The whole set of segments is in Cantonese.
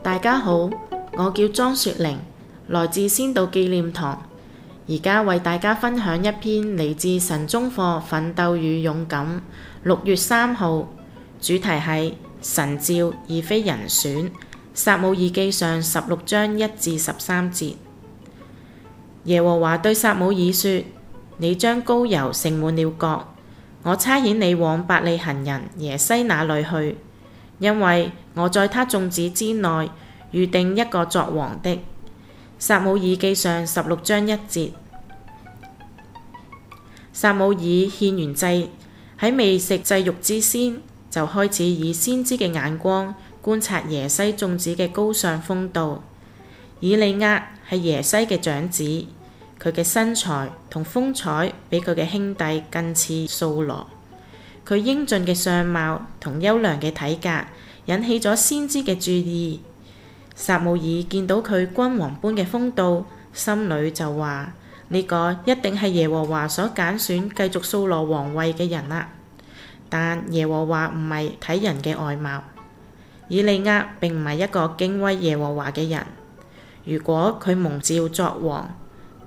大家好，我叫莊雪玲，來自先道紀念堂，而家為大家分享一篇嚟自神中課《奮鬥與勇敢》六月三號，主題係神召而非人選，撒母耳記上十六章一至十三節。耶和華對撒母耳說：你將膏油盛滿了角，我差遣你往伯利恒人耶西那裏去，因為我在他眾子之內預定一個作王的。撒母耳記上十六章一節。撒母耳獻完祭，喺未食祭肉之先，就開始以先知嘅眼光觀察耶西眾子嘅高尚風度。以利亞係耶西嘅長子，佢嘅身材同風采比佢嘅兄弟更似掃羅。佢英俊嘅相貌同優良嘅體格引起咗先知嘅注意。撒母耳見到佢君王般嘅風度，心裏就話呢、這個一定係耶和華所揀選繼續掃羅皇位嘅人啦。但耶和華唔係睇人嘅外貌，以利亞並唔係一個敬畏耶和華嘅人。如果佢蒙召作王，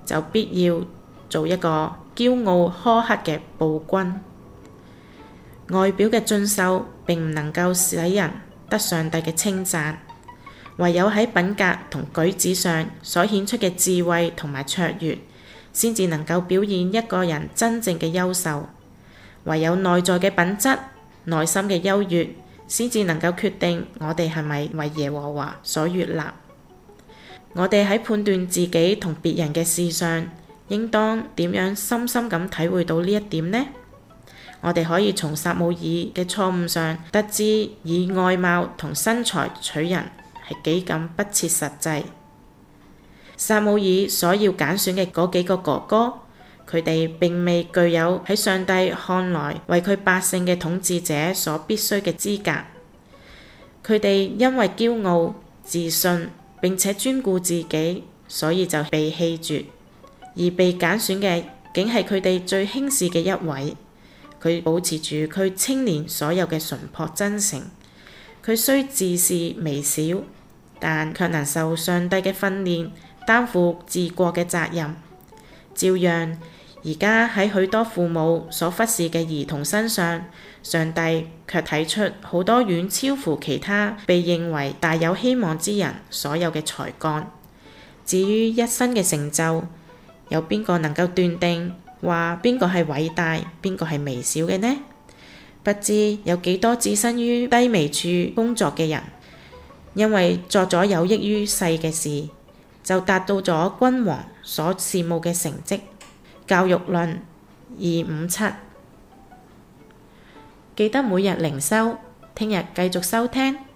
就必要做一個驕傲苛刻嘅暴君。外表嘅俊秀並唔能夠使人得上帝嘅稱讚，唯有喺品格同舉止上所顯出嘅智慧同埋卓越，先至能夠表現一個人真正嘅優秀。唯有內在嘅品質、內心嘅優越，先至能夠決定我哋係咪為耶和華所悦納。我哋喺判斷自己同別人嘅事上，應當點樣深深咁體會到呢一點呢？我哋可以從撒母耳嘅錯誤上得知，以外貌同身材取人，係幾咁不切實際。撒母耳所要揀選嘅嗰幾個哥哥，佢哋並未具有喺上帝看來為佢百姓嘅統治者所必須嘅資格。佢哋因為驕傲、自信。並且專顧自己，所以就被棄絕，而被揀選嘅竟係佢哋最輕視嘅一位。佢保持住佢青年所有嘅純樸真誠、真誠。佢雖自視微小，但卻能受上帝嘅訓練，擔負治國嘅責任，照樣。而家喺許多父母所忽視嘅兒童身上，上帝卻睇出好多遠超乎其他被認為大有希望之人所有嘅才幹。至於一生嘅成就，有邊個能夠斷定話邊個係偉大，邊個係微小嘅呢？不知有幾多置身於低微處工作嘅人，因為作咗有益於世嘅事，就達到咗君王所羨慕嘅成績。教育論二五七，記得每日靈修，聽日繼續收聽。